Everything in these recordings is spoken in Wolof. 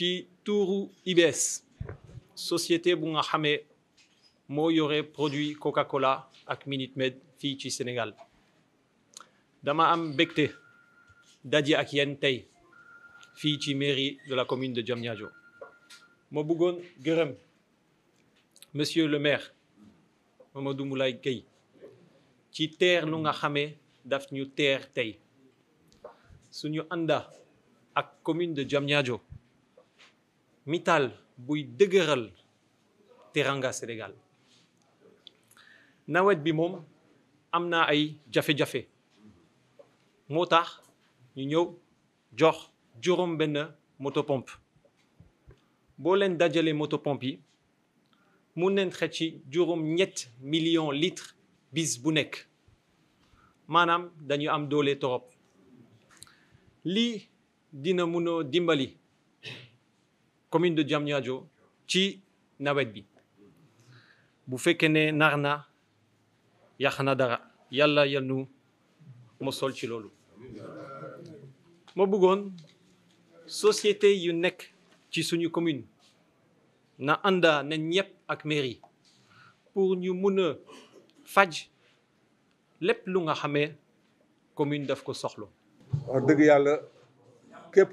ci touru IBS société bu nga produit Coca-Cola ak Minute Med Sénégal dama am Dadia akien ak yéen tey ci mairie de la commune de Diamniadio mo bëggoon monsieur le maire Mamadou Moulay kei ci terre lu nga xamé daf ñu terre tey suñu anda ak commune de Diamniadio mital buy dëgëral teranga Sénégal nawet bi moom am naa ay jafe-jafe moo tax ñu ñëw jox juróom benn motopompe boo leen dajalee motopompe yi mu neen xëcc ci juróom ñett million litre bis bu nekk maanaam dañu am doole torop lii dina mun dimbali commune de Diam Niadio Nawedbi. nawet bi bu fekkee ne nar mosol ci loolu ma société yu nekk ci suñu commune na anda nenyep ñëpp pour ñu mune faj lépp lu nga commune daf ko soxla. wax dëgg yàlla képp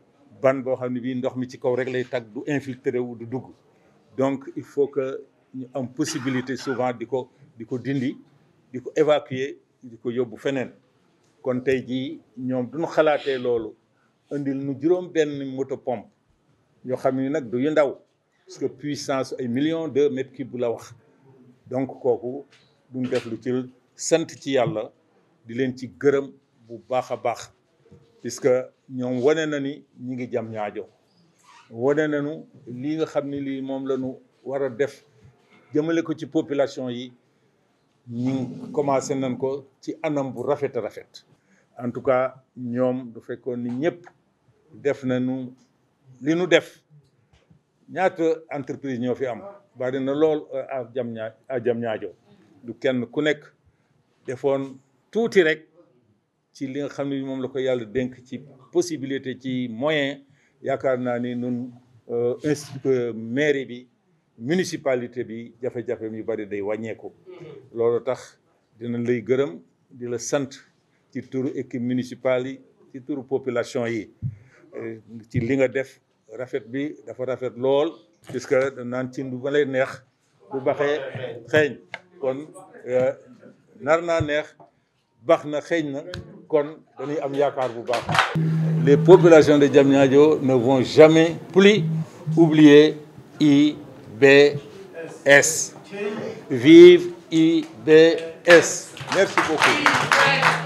ban bo xamni bi ndox mi ci kaw rek lay tag du infiltré wu du dugg donc il faut que ñu am possibilité souvent diko diko dindi diko évacuer diko ko fenen kon tay ji ñom duñu xalaté lolu andil nu juroom ben moto pompe yo xamni nak du yu ndaw parce que puissance ay millions de mètres cubes bu la wax donc koku duñ def lu ci sante ci yalla di len ci gëreum bu baaxa baax puisque ñom woné na ni ñi ngi jam ñaajo wane nañu li nga xamni li mom lañu wara def jëmele ko ci population yi ñi commencé nañ ko ci anam bu rafet rafet en tout cas ñom du fekkoon ni ñëpp def nañu li nu def ñaata entreprise ñoo fi am bari na lool a jam ñaa a jam ñaajo du kenn ku nek defoon touti rek ci li nga xam ne moom la ko yàlla dénk ci possibilité ci moyen yaakaar naa ni nun euh, institut euh, mairie bi municipalité bi jafe-jafe yu bari day wàññeeku mm-hmm. loolu tax dina lay gërëm di la sant ci turu équipe municipale yi ci turu population yi euh, ci li nga def rafet bi dafa rafet lool puisque naan ci lu ma lay neex bu baxee xeeñ kon nar naa neex baax na xeeñ na les populations de Diamniadio ne vont jamais plus oublier IBS vive IBS merci beaucoup